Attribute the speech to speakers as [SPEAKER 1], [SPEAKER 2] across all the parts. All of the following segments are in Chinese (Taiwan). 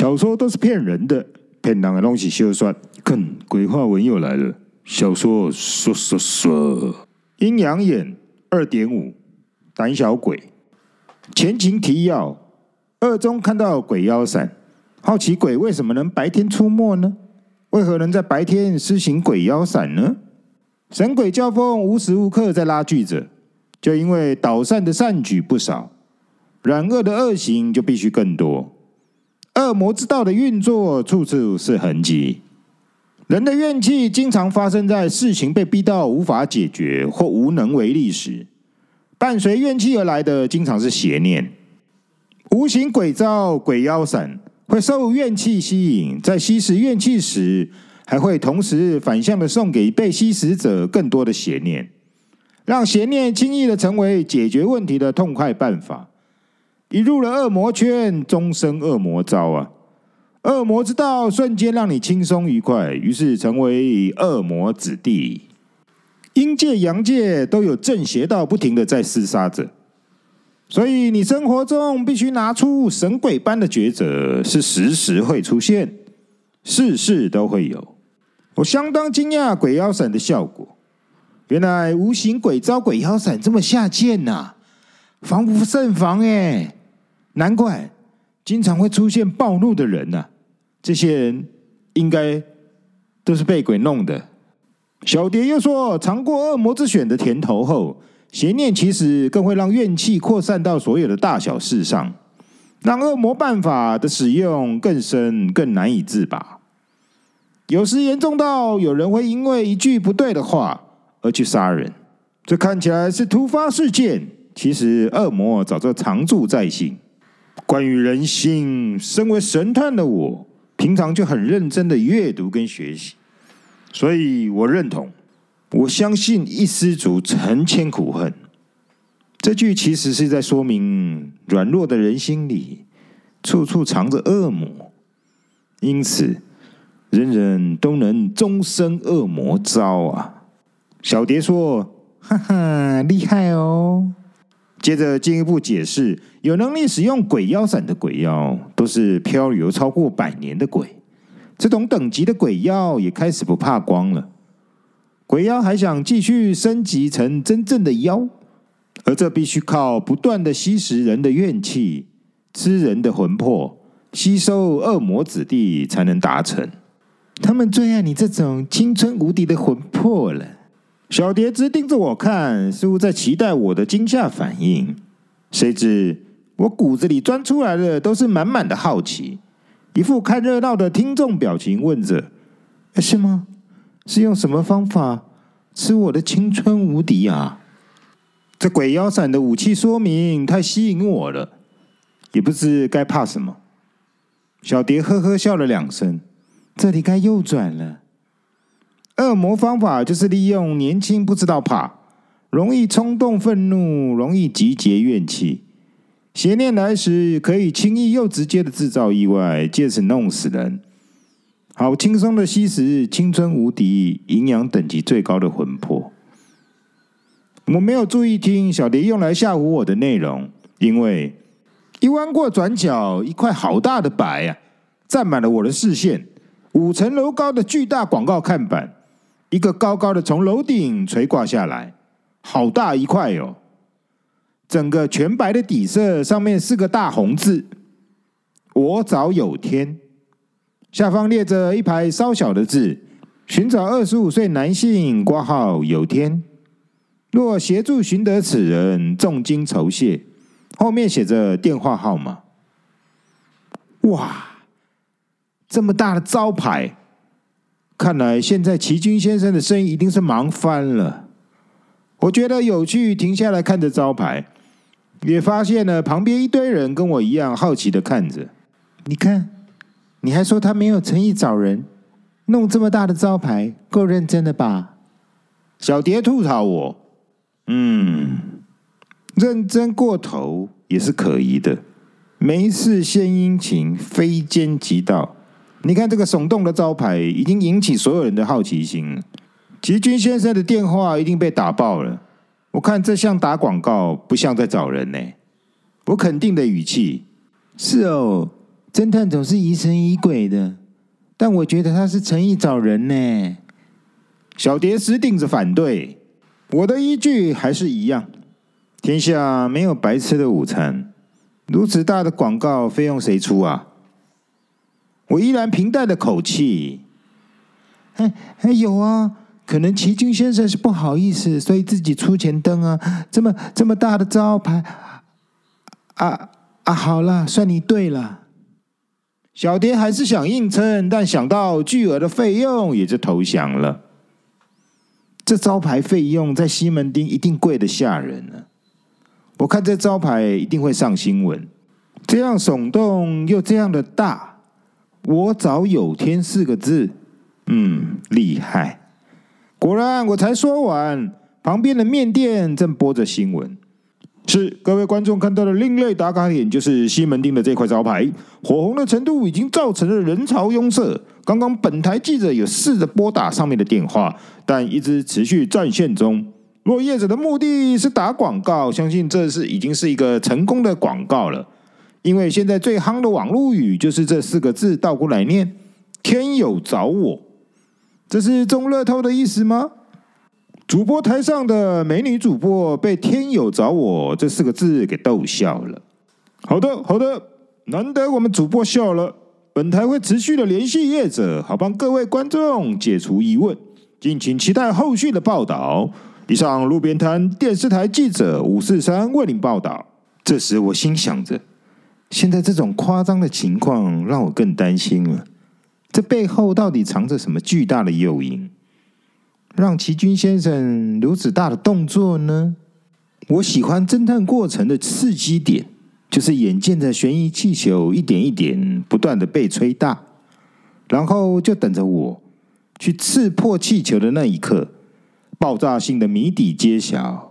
[SPEAKER 1] 小說都是騙人的，騙人的東西休算。看鬼話文又來了。小說說說說，陰陽眼二點五，膽小鬼。前情提要：二中看到鬼妖散，好奇鬼為什麼能白天出沒呢？為何能在白天施行鬼妖散呢？神鬼交鋒無時無刻在拉鋸着，就因為導善的善舉不少，然惡的惡行就必須更多。惡魔之道的運作處處是痕跡。人的怨氣經常發生在事情被逼到無法解決或無能為力時，伴隨怨氣而來的，經常是邪念。無形鬼照鬼妖閃會受怨氣吸引，在吸食怨氣時，還會同時反向的送給被吸食者更多的邪念，讓邪念輕易的成為解決問題的痛快辦法。一入了惡魔圈，終生惡魔招啊！惡魔之道瞬間讓你輕鬆愉快，於是成為惡魔子弟。陰界陽界都有正邪道不停地在廝殺着，所以你生活中必須拿出神鬼般的抉擇，是時時會出現，事事都會有。我相當驚訝鬼妖閃的效果，原來無形鬼招鬼妖閃這麼下賤吶、啊！防不勝防哎、欸。難怪經常會出現暴怒的人啊，這些人應該都是被鬼弄的。小蝶又說：“嘗過惡魔之選的甜頭後，邪念其實更會讓怨氣擴散到所有的大小事上，讓惡魔辦法的使用更深、更難以自拔。有時嚴重到有人會因為一句不對的話而去殺人，這看起來是突發事件，其實惡魔早就常駐在心。”關於人心，身為神探的我，平常就很認真的閱讀跟學習，所以我認同，我相信“一失足成千古恨”這句，其實是在說明軟弱的人心裡，處處藏着惡魔，因此人人都能終身惡魔招啊！小蝶說：“哈哈，厲害哦！”接着進一步解釋，有能力使用鬼妖傘的鬼妖，都是漂流超過百年的鬼。這種等級的鬼妖也開始不怕光了。鬼妖還想繼續升級成真正的妖，而這必須靠不斷的吸食人的怨氣，吃人的魂魄，吸收惡魔子弟才能達成。他們最愛你這種青春無敵的魂魄了。小蝶直盯着我看，似乎在期待我的驚嚇反應。誰知我骨子裡鑽出來的都是滿滿的好奇，一副看熱鬧的聽眾表情，問着：“誒，是嗎？是用什麼方法吃我的青春無敵啊！這鬼妖傘的武器說明太吸引我了，也不知該怕什麼。”小蝶呵呵笑了兩聲，這裡該右轉了。惡魔方法就是利用年輕不知道怕，容易衝動憤怒，容易集結怨氣。邪念來時，可以輕易又直接的制造意外，借此弄死人。好輕鬆的吸食青春無敵、營養等級最高的魂魄。我沒有注意聽小蝶用來嚇唬我的內容，因為一彎過轉角，一塊好大的白呀、啊，占滿了我的視線。五層樓高的巨大廣告看板。一個高高的從樓頂垂掛下來，好大一塊喲、哦！整個全白的底色，上面四個大紅字：“我找有天”，下方列着一排稍小的字：“尋找二十五歲男性，掛號有天。若協助尋得此人，重金酬謝。”後面寫着電話號碼。哇，這麼大的招牌！看來現在奇君先生的生意一定是忙翻了。我覺得有趣，停下來看着招牌，也發現了旁邊一堆人跟我一樣好奇的看着。你看，你還說他沒有誠意找人，弄這麼大的招牌，夠認真的吧？小蝶吐槽我，嗯，認真過頭也是可疑的。沒事獻殷勤，非奸即盜。你看這個聳動的招牌，已經引起所有人的好奇心了。吉軍先生的電話一定被打爆了。我看這像打廣告，不像在找人呢、欸。我肯定的語氣，是哦，偵探總是疑神疑鬼的，但我覺得他是誠意找人呢、欸。小蝶死頂着反對，我的依據還是一樣，天下沒有白吃的午餐，如此大的廣告費用誰出啊？我依然平淡的口氣。還、欸、還、欸、有啊，可能齊軍先生是不好意思，所以自己出錢登啊。這麼這麼大的招牌，啊啊，好啦，算你對啦。小蝶還是想硬撐，但想到巨額的費用，也就投降了。這招牌費用在西門町一定貴得嚇人呢、啊。我看這招牌一定會上新聞，這樣聳動又這樣的大。我早有天四個字，嗯，厲害。果然，我才說完，旁邊的麵店正播着新聞。是各位觀眾看到的另類打卡點，就是西門町的這塊招牌，火紅的程度已經造成了人潮擁塞。剛剛本台記者有試着撥打上面的電話，但一直持續占線中。若業者的目的是打廣告，相信這是已經是一個成功的廣告了。因為現在最夯的網絡語就是這四個字倒過來念“天有找我”，這是中樂透的意思嗎？主播台上的美女主播被“天有找我”這四個字給逗笑了。好的，好的，難得我們主播笑了，本台會持續的聯繫業者，好幫各位觀眾解除疑問。敬請期待後續的報道。以上路邊攤電視台記者五四三為您報道。這時我心想着。現在這種誇張的情況讓我更擔心了。這背後到底藏着什麼巨大的誘因，讓齊軍先生如此大的動作呢？我喜歡偵探過程的刺激點，就是眼見着懸疑氣球一點一點不斷的被吹大，然後就等着我去刺破氣球的那一刻，爆炸性的謎底揭曉，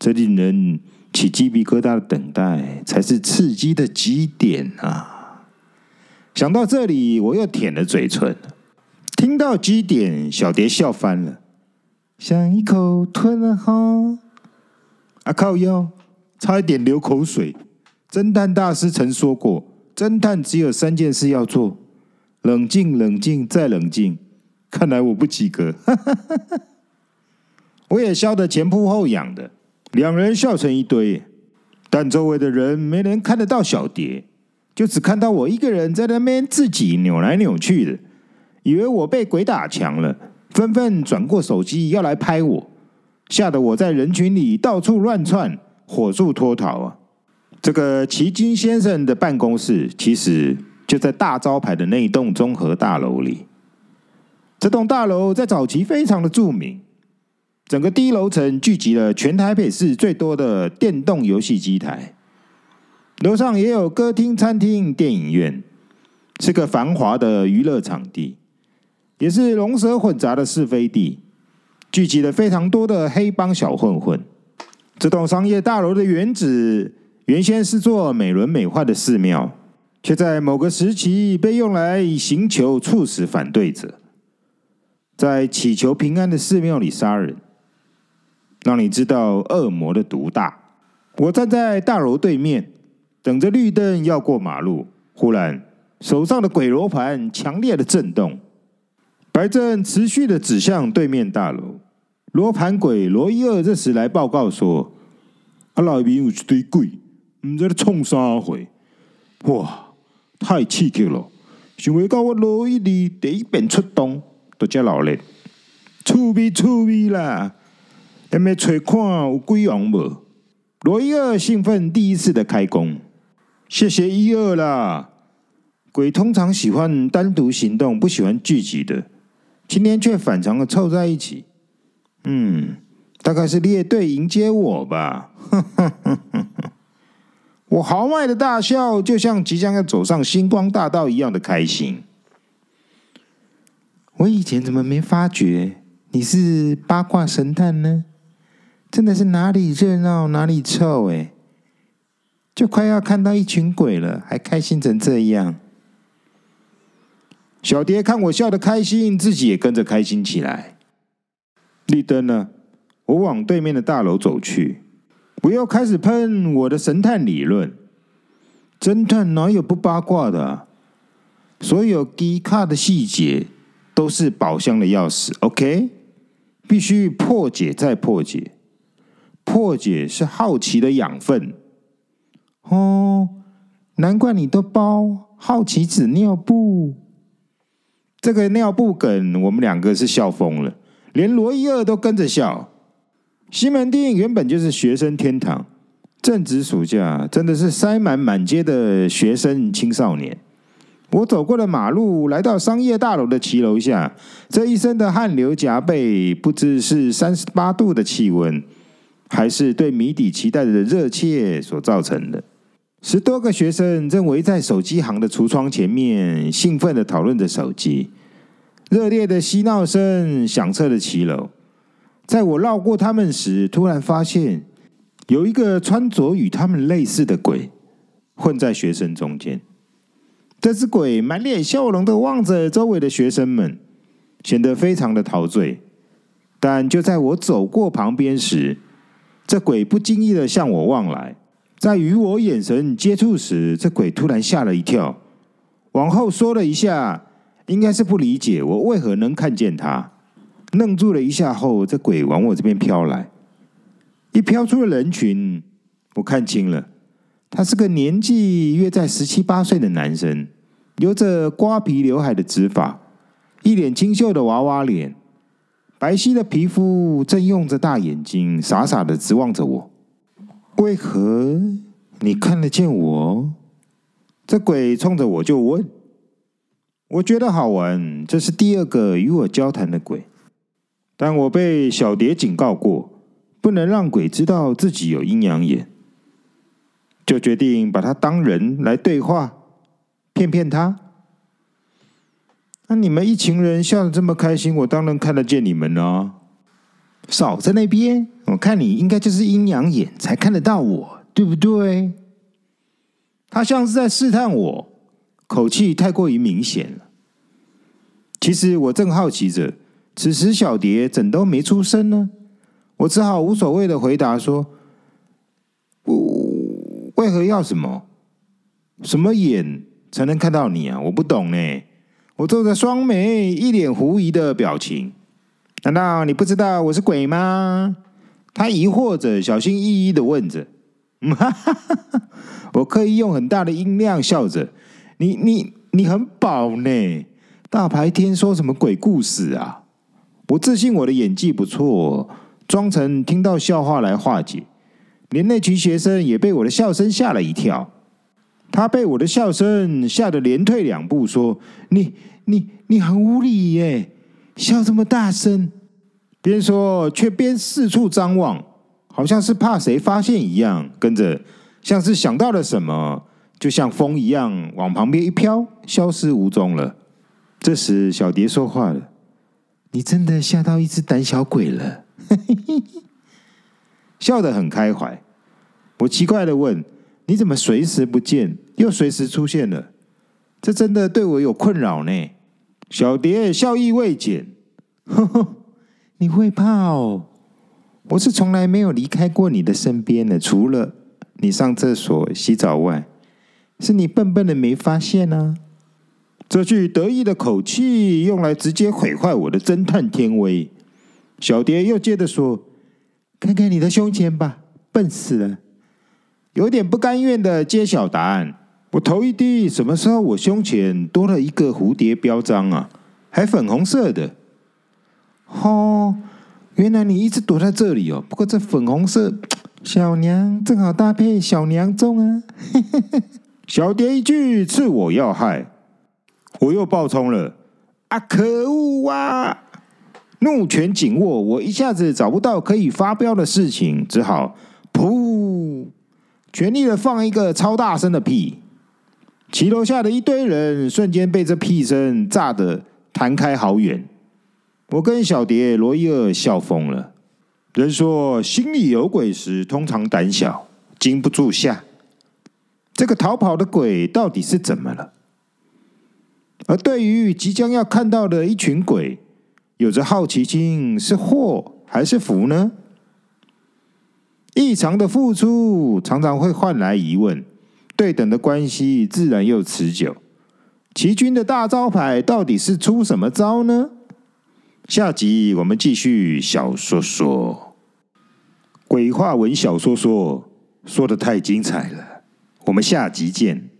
[SPEAKER 1] 這令人。起雞皮疙瘩的等待才是刺激的極點啊！想到這裡，我又舔了嘴唇。聽到極點，小蝶笑翻了，想一口吞了哈啊，靠腰，差一點流口水！偵探大師曾說過，偵探只有三件事要做：冷靜、冷靜再冷靜。看來我不及格， 我也笑得前撲後仰的。兩人笑成一堆，但周圍的人沒能看得到小蝶，就只看到我一個人在那邊自己扭來扭去的，以為我被鬼打牆了，紛紛轉過手機要來拍我，嚇得我在人群裡到處亂竄，火速脫逃啊！這個齊金先生的辦公室，其實就在大招牌的那一棟綜合大樓裡，這棟大樓在早期非常的著名。整個低樓層聚集了全台北市最多的電動遊戲機台，樓上也有歌廳、餐廳、電影院，是個繁華的娛樂場地，也是龍蛇混雜的是非地，聚集了非常多的黑幫小混混。這棟商業大樓的原址原先是座美輪美奐的寺廟，卻在某個時期被用來刑求處死反對者，在祈求平安的寺廟裡殺人。讓你知道惡魔的毒大。我站在大樓對面，等着綠燈要過馬路。忽然，手上的鬼羅盤強烈的震動，白針持續的指向對面大樓。羅盤鬼羅一、二這時來報告說：“啊，裡面有一堆鬼，唔知咧創啥會。”哇，太刺激了！想未到我羅一二第一遍出動就遮鬧熱，趣味趣味啦！等下查看有鬼王無？羅一二興奮第一次的開工，謝謝一二啦。鬼通常喜歡單獨行動，不喜歡聚集的，今天卻反常的湊在一起。嗯，大概是列隊迎接我吧。 我豪邁的大笑，就像即將要走上星光大道一樣的開心。我以前怎麼沒發覺你是八卦神探呢？真的是哪裡熱鬧哪裡臭誒，就快要看到一群鬼了，還開心成這樣。小蝶看我笑得開心，自己也跟着開心起來。綠燈了，我往對面的大樓走去。不要開始噴我的神探理論。偵探哪有不八卦的？啊？所有低卡的細節都是寶箱的鑰匙。OK，必須破解再破解。破解是好奇的養分，哦，難怪你都包好奇紙尿布。這個尿布梗，我們兩個是笑瘋了，連羅伊二都跟着笑。西門町原本就是學生天堂，正值暑假，真的是塞滿滿街的學生青少年。我走過了馬路，來到商業大樓的騎樓下，這一身的汗流浹背，不知是三十八度的氣溫，還是對謎底期待的熱切所造成的。十多個學生正圍在手機行的櫥窗前面，興奮的討論着手機，熱烈的嬉鬧聲響徹了騎樓。在我繞過他們時，突然發現有一個穿着與他們類似的鬼混在學生中間。這隻鬼滿臉笑容的望着周圍的學生們，顯得非常的陶醉。但就在我走過旁邊時，這鬼不經意的向我望來，在與我眼神接觸時，這鬼突然嚇了一跳，往後縮了一下，應該是不理解我為何能看見他。愣住了一下後，這鬼往我這邊飄來，一飄出了人群，我看清了，他是個年紀約在十七八歲的男生，留着瓜皮劉海的直髮，一臉清秀的娃娃臉。白皙的皮膚，正用着大眼睛，傻傻的直望着我。為何你看得見我？這鬼衝着我就問。我覺得好玩，這是第二個與我交談的鬼。但我被小蝶警告過，不能讓鬼知道自己有陰陽眼，就決定把他當人來對話，騙騙他。那你們一群人笑得這麼開心，我當然看得見你們哦，少在那邊，我看你應該就是陰陽眼才看得到我，對不對？他像是在試探我，口氣太過於明顯了。其實我正好奇着，此時小蝶怎都沒出聲呢？我只好無所謂的回答說：“我為何要什麼？什麼眼才能看到你啊？我不懂呢。”我皺着雙眉，一臉狐疑的表情。啊、難道你不知道我是鬼嗎？他疑惑着，小心翼翼地問着。嗯、哈哈哈哈，我刻意用很大的音量笑着：“你、你、你很飽呢？大白天說什麼鬼故事啊？”我自信我的演技不錯，裝成聽到笑話來化解。連那群學生也被我的笑聲嚇了一跳。他被我的笑聲嚇得連退兩步，說：“你、你、你很無禮耶，笑這麼大聲！”邊說卻邊四處張望，好像是怕誰發現一樣。跟着，像是想到了什麼，就像風一樣往旁邊一飄，消失無蹤了。這時，小蝶說話了：“你真的嚇到一只膽小鬼了！”笑，笑得很開懷。我奇怪的問。你怎麼隨時不見，又隨時出現了？這真的對我有困擾呢。小蝶笑意未減，呵呵，你會怕哦？我是從來沒有離開過你的身邊的，除了你上廁所、洗澡外，是你笨笨的沒發現啊！這句得意的口氣，用來直接毀壞我的偵探天威。小蝶又接着說：“看看你的胸前吧，笨死了。”有點不甘願地揭曉答案。我頭一低，什麼時候我胸前多了一個蝴蝶標章啊？還粉紅色的。哦，原來你一直躲在這裡哦。不過這粉紅色小娘正好搭配小娘中啊。 小蝶一句刺我要害，我又暴衝了。啊，可惡啊！怒拳緊握，我一下子找不到可以發飆的事情，只好。全力的放一個超大聲的屁，騎樓下的一堆人瞬間被這屁聲炸得彈開好遠。我跟小蝶、羅伊爾笑瘋了。人說心裡有鬼時，通常膽小，經不住嚇。這個逃跑的鬼到底是怎麼了？而對於即將要看到的一群鬼，有着好奇心是禍還是福呢？異常的付出常常會換來疑問，對等的關係自然又持久。齊軍的大招牌到底是出什麼招呢？下集我們繼續小說說，鬼話文小說說說得太精彩了，我們下集見。